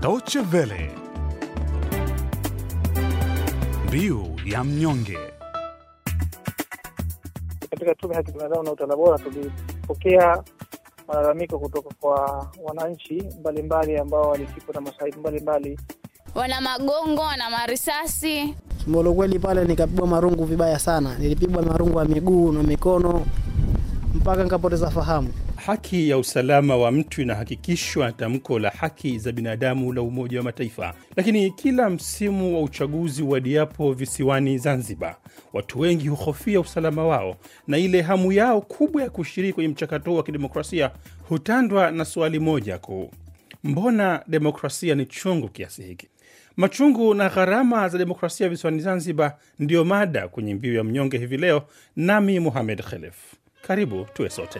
Deutsche Welle, mbiu ya mnyonge. Katika tume haki binadamu na utawala bora tulipokea malalamiko kutoka kwa wananchi mbalimbali ambao walifikwa na masaibu mbalimbali, wana magongo, wana marisasi. Mbolo kweli pale nikapigwa marungu vibaya sana, nilipigwa marungu ya miguu na mikono mpaka nikapoteza fahamu haki ya usalama wa mtu inahakikishwa na tamko la haki za binadamu la Umoja wa Mataifa, lakini kila msimu wa uchaguzi wadiapo visiwani Zanzibar, watu wengi huhofia usalama wao na ile hamu yao kubwa ya kushiriki kwenye mchakato huu wa kidemokrasia hutandwa na swali moja kuu: mbona demokrasia ni chungu kiasi hiki? Machungu na gharama za demokrasia visiwani Zanzibar ndiyo mada kwenye Mbiu ya Mnyonge hivi leo, nami Muhamed Khelef. Karibu tuwe sote.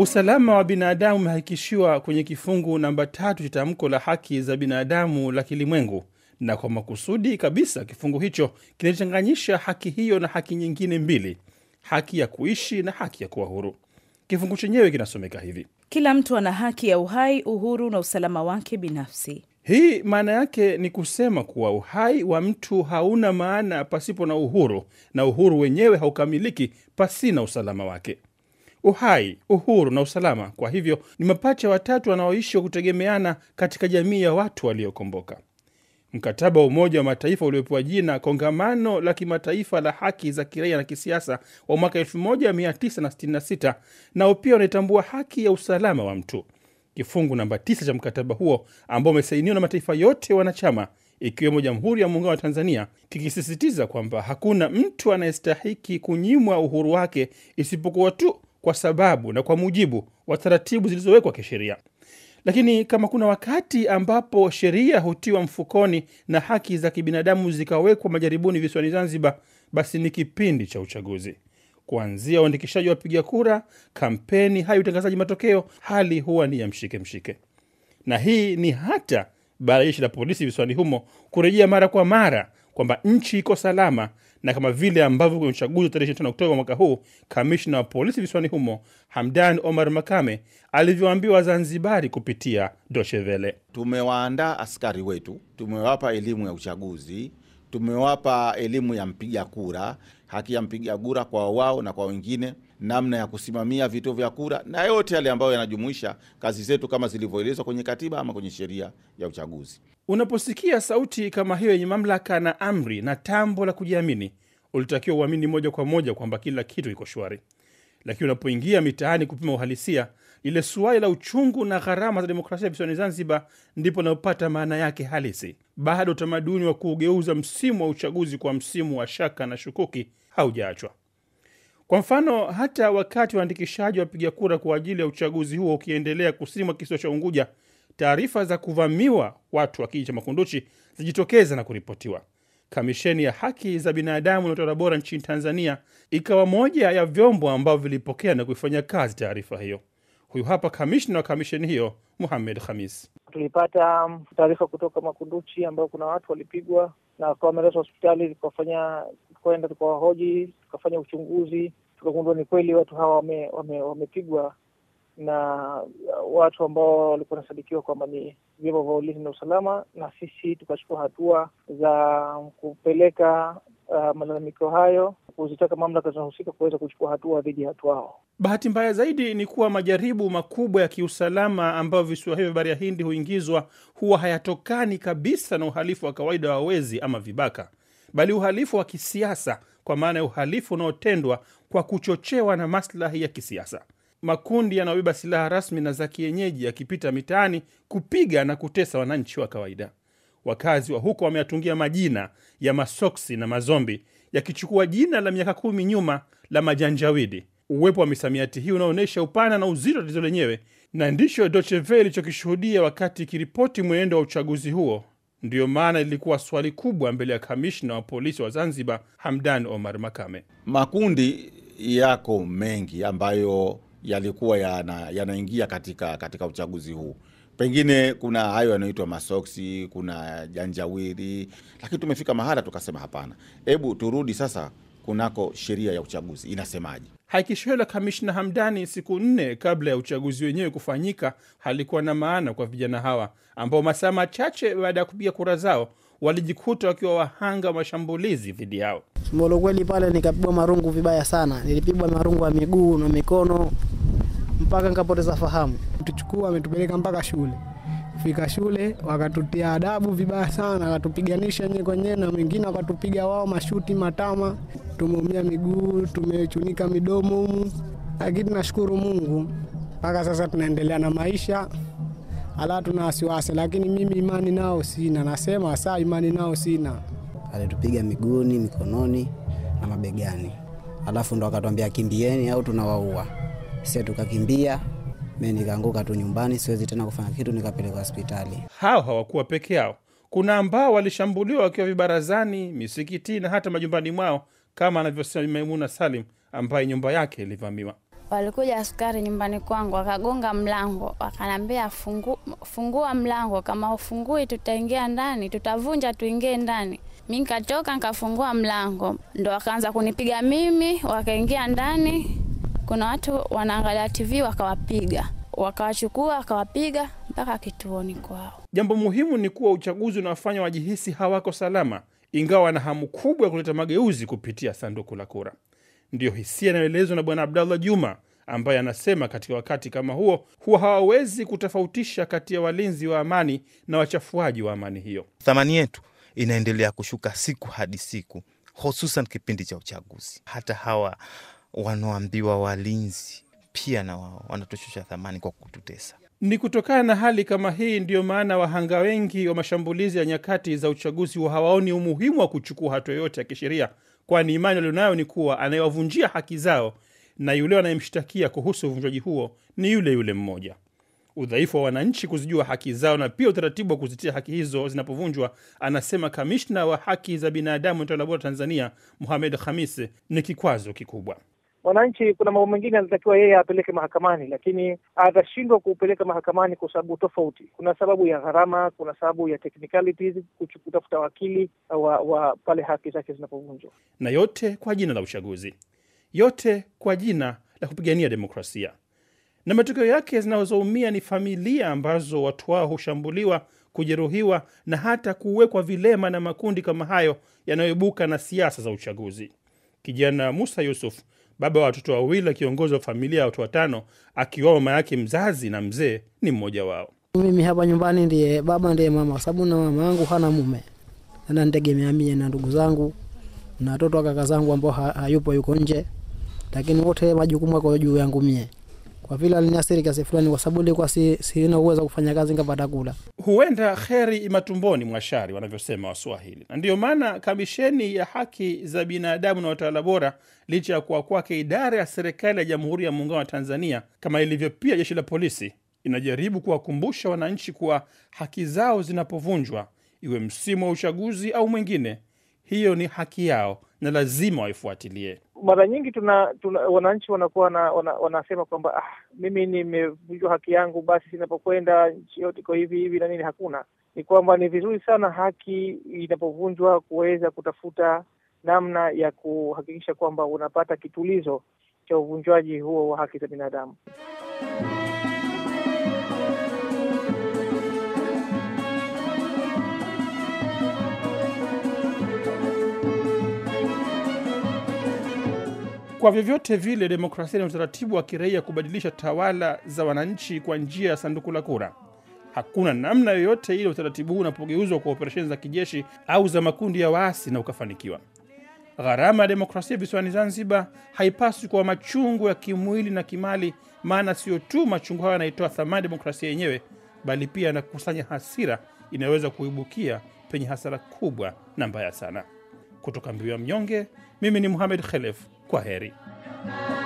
Usalama wa binadamu umehakikishiwa kwenye kifungu namba tatu cha tamko la haki za binadamu la kilimwengu, na kwa makusudi kabisa kifungu hicho kinachanganyisha haki hiyo na haki nyingine mbili, haki ya kuishi na haki ya kuwa huru. Kifungu chenyewe kinasomeka hivi: kila mtu ana haki ya uhai, uhuru na usalama wake binafsi. Hii maana yake ni kusema kuwa uhai wa mtu hauna maana pasipo na uhuru, na uhuru wenyewe haukamiliki pasina usalama wake uhai, uhuru na usalama. Kwa hivyo ni mapacha watatu wanaoishi wa kutegemeana katika jamii ya watu waliokomboka. Mkataba wa Umoja wa Mataifa uliopewa jina Kongamano la Kimataifa la Haki za Kiraia na Kisiasa wa mwaka 1966 nao pia unaitambua haki ya usalama wa mtu. Kifungu namba 9 cha mkataba huo ambao umesainiwa na mataifa yote wanachama ikiwemo Jamhuri ya Muungano wa Tanzania kikisisitiza kwamba hakuna mtu anayestahiki kunyimwa uhuru wake isipokuwa tu kwa sababu na kwa mujibu wa taratibu zilizowekwa kisheria. Lakini kama kuna wakati ambapo sheria hutiwa mfukoni na haki za kibinadamu zikawekwa majaribuni visiwani Zanzibar, basi ni kipindi cha uchaguzi. Kuanzia uandikishaji wa wapiga kura, kampeni hai utangazaji matokeo, hali huwa ni ya mshike mshike, na hii ni hata baada ya jeshi la polisi visiwani humo kurejea mara kwa mara kwamba nchi iko salama na kama vile ambavyo kwenye uchaguzi wa tarehe 25 Oktoba mwaka huu kamishna wa polisi visiwani humo Hamdan Omar Makame alivyoambiwa Wazanzibari kupitia Doshevele. Tumewaandaa askari wetu, tumewapa elimu ya uchaguzi, tumewapa elimu ya mpiga kura, haki ya mpiga kura kwa wao na kwa wengine namna ya kusimamia vituo vya kura na yote yale ambayo yanajumuisha kazi zetu kama zilivyoelezwa kwenye katiba ama kwenye sheria ya uchaguzi. Unaposikia sauti kama hiyo yenye mamlaka na amri na tambo la kujiamini, ulitakiwa uamini moja kwa moja kwamba kila kitu iko shwari, lakini unapoingia mitaani kupima uhalisia, lile suali la uchungu na gharama za demokrasia visiwani Zanzibar ndipo unapopata maana yake halisi. Bado utamaduni wa kuugeuza msimu wa uchaguzi kwa msimu wa shaka na shukuki haujaachwa. Kwa mfano, hata wakati waandikishaji wapiga kura kwa ajili ya uchaguzi huo ukiendelea kusini mwa kisiwa cha Unguja, taarifa za kuvamiwa watu wa kijiji cha Makunduchi zijitokeza na kuripotiwa. Kamisheni ya Haki za Binadamu na Utawala Bora nchini Tanzania ikawa moja ya vyombo ambavyo vilipokea na kuifanya kazi taarifa hiyo. Huyu hapa kamishna wa kamisheni hiyo Muhamed Khamis. Tulipata um, taarifa kutoka Makunduchi ambayo kuna watu walipigwa na wakawa wamelazwa hospitali kuwafanya tukaenda tukawahoji, tukafanya uchunguzi, tukagundua ni kweli watu hawa wamepigwa wame, wame na watu ambao walikuwa wanasadikiwa kwamba ni vyombo vya ulinzi na usalama, na sisi tukachukua hatua za kupeleka uh, malalamiko hayo kuzitaka mamlaka zinahusika kuweza kuchukua hatua dhidi ya watu hao. Bahati mbaya zaidi ni kuwa majaribu makubwa ya kiusalama ambayo visiwa hivyo bahari ya Hindi huingizwa huwa hayatokani kabisa na uhalifu wa kawaida wa wezi ama vibaka bali uhalifu wa kisiasa kwa maana ya uhalifu unaotendwa kwa kuchochewa na maslahi ya kisiasa makundi yanayobeba silaha rasmi na za kienyeji yakipita mitaani kupiga na kutesa wananchi wa kawaida wakazi wa huko wameyatungia majina ya masoksi na mazombi yakichukua jina la miaka kumi nyuma la majanjawidi uwepo wa misamiati hii unaonyesha upana na uzito tatizo lenyewe na ndicho docheve ilichokishuhudia wakati ikiripoti mwenendo wa uchaguzi huo Ndiyo maana ilikuwa swali kubwa mbele ya kamishna wa polisi wa Zanzibar, Hamdan Omar Makame. Makundi yako mengi ambayo yalikuwa yanaingia yana katika, katika uchaguzi huu pengine kuna hayo yanaoitwa masoksi, kuna janjawiri, lakini tumefika mahala tukasema hapana, hebu turudi sasa kunako sheria ya uchaguzi inasemaje? hakishwela kamishna Hamdani siku nne kabla ya uchaguzi wenyewe kufanyika halikuwa na maana kwa vijana hawa ambao masaa machache baada ya kupiga kura zao walijikuta wakiwa wahanga mashambulizi dhidi yao. molokweli pale nikapigwa marungu vibaya sana, nilipigwa marungu ya miguu na mikono mpaka nikapoteza fahamu. Tuchukua ametupeleka mpaka shule fika shule wakatutia adabu vibaya sana, wakatupiganisha wenyewe kwenye na wengine wakatupiga wao mashuti matama, tumeumia miguu, tumechunika midomo humu, lakini nashukuru Mungu mpaka sasa tunaendelea na maisha, ala tuna wasiwasi, lakini mimi imani nao sina, nasema saa imani nao sina. Alitupiga miguuni, mikononi na mabegani, alafu ndo akatwambia kimbieni au tunawaua. Sisi tukakimbia mi nikaanguka tu nyumbani, siwezi tena kufanya kitu, nikapelekwa hospitali. Hao hawakuwa peke yao, kuna ambao walishambuliwa wakiwa vibarazani, misikitini na hata majumbani mwao, kama anavyosema Maimuna Salim ambaye nyumba yake ilivamiwa. Walikuja askari nyumbani kwangu, wakagonga mlango, wakanambia fungu, fungua mlango, kama ufungui tutaingia ndani, tutavunja tuingie ndani. Mi nkatoka nkafungua mlango, ndo wakaanza kunipiga mimi, wakaingia ndani kuna watu wanaangalia TV wakawapiga, wakawachukua wakawapiga mpaka kituoni kwao. Jambo muhimu ni kuwa uchaguzi unawafanya wajihisi hawako salama, ingawa wana hamu kubwa ya kuleta mageuzi kupitia sanduku la kura. Ndiyo hisia inayoelezwa na Bwana Abdallah Juma ambaye anasema katika wakati kama huo huwa hawawezi kutofautisha kati ya walinzi wa amani na wachafuaji wa amani hiyo. Thamani yetu inaendelea kushuka siku hadi siku, hususan kipindi cha uchaguzi. Hata hawa wanaoambiwa walinzi pia na wao wanatushusha thamani kwa kututesa. Ni kutokana na hali kama hii ndiyo maana wahanga wengi wa mashambulizi ya nyakati za uchaguzi hawaoni umuhimu wa kuchukua hatua yoyote ya kisheria, kwani imani walionayo ni kuwa anayewavunjia haki zao na yule wanayemshtakia kuhusu uvunjwaji huo ni yule yule mmoja. Udhaifu wa wananchi kuzijua haki zao na pia utaratibu wa kuzitia haki hizo zinapovunjwa, anasema kamishna wa haki za binadamu utawala bora Tanzania, Muhamed Khamis, ni kikwazo kikubwa mwananchi, kuna mambo mengine anatakiwa yeye apeleke mahakamani, lakini atashindwa kupeleka mahakamani kwa sababu tofauti. Kuna sababu ya gharama, kuna sababu ya technicalities, kutafuta wakili wa, wa pale haki zake zinapovunjwa, na yote kwa jina la uchaguzi, yote kwa jina la kupigania demokrasia, na matokeo yake zinazoumia ni familia ambazo watu wao hushambuliwa kujeruhiwa na hata kuwekwa vilema na makundi kama hayo yanayoibuka na siasa za uchaguzi. Kijana Musa Yusuf baba wa watoto wawili akiongozwa familia ya watu watano, akiwao mama yake mzazi na mzee ni mmoja wao. Mimi hapa nyumbani ndiye baba ndiye mama, kwa sababu na mama yangu hana mume, ananitegemea mie na ndugu zangu na watoto wa kaka zangu ambao hayupo, yuko nje, lakini wote majukumu yako juu yangu mie kwa vile aliniasiri kiasi fulani, kwa sababu nilikuwa si, sina uwezo kufanya kazi ngapata kula. Huenda kheri imatumboni mwa shari, wanavyosema Waswahili, na ndiyo maana kamisheni ya haki za binadamu na watawala bora, licha ya kuwa kwake idara ya serikali ya Jamhuri ya Muungano wa Tanzania, kama ilivyo pia jeshi la polisi, inajaribu kuwakumbusha wananchi kuwa haki zao zinapovunjwa, iwe msimu wa uchaguzi au mwingine, hiyo ni haki yao na lazima waifuatilie. Mara nyingi tuna, tuna wananchi wanakuwa na, wana, wanasema kwamba ah, mimi nimevunjwa haki yangu, basi inapokwenda nchi yote iko hivi hivi na nini. Hakuna, ni kwamba ni vizuri sana haki inapovunjwa kuweza kutafuta namna ya kuhakikisha kwamba unapata kitulizo cha uvunjwaji huo wa haki za binadamu. Kwa vyovyote vile, demokrasia ni utaratibu wa kiraia kubadilisha tawala za wananchi kwa njia ya sanduku la kura. Hakuna namna yoyote ile utaratibu huu unapogeuzwa kwa operesheni za kijeshi au za makundi ya waasi na ukafanikiwa. Gharama ya demokrasia visiwani Zanzibar haipaswi kuwa machungu ya kimwili na kimali, maana sio tu machungu hayo yanaitoa thamani demokrasia yenyewe, bali pia yanakusanya hasira inayoweza kuibukia penye hasara kubwa na mbaya sana. Kutoka Mbiu ya Mnyonge, mimi ni Muhamed Khelef. com a Harry.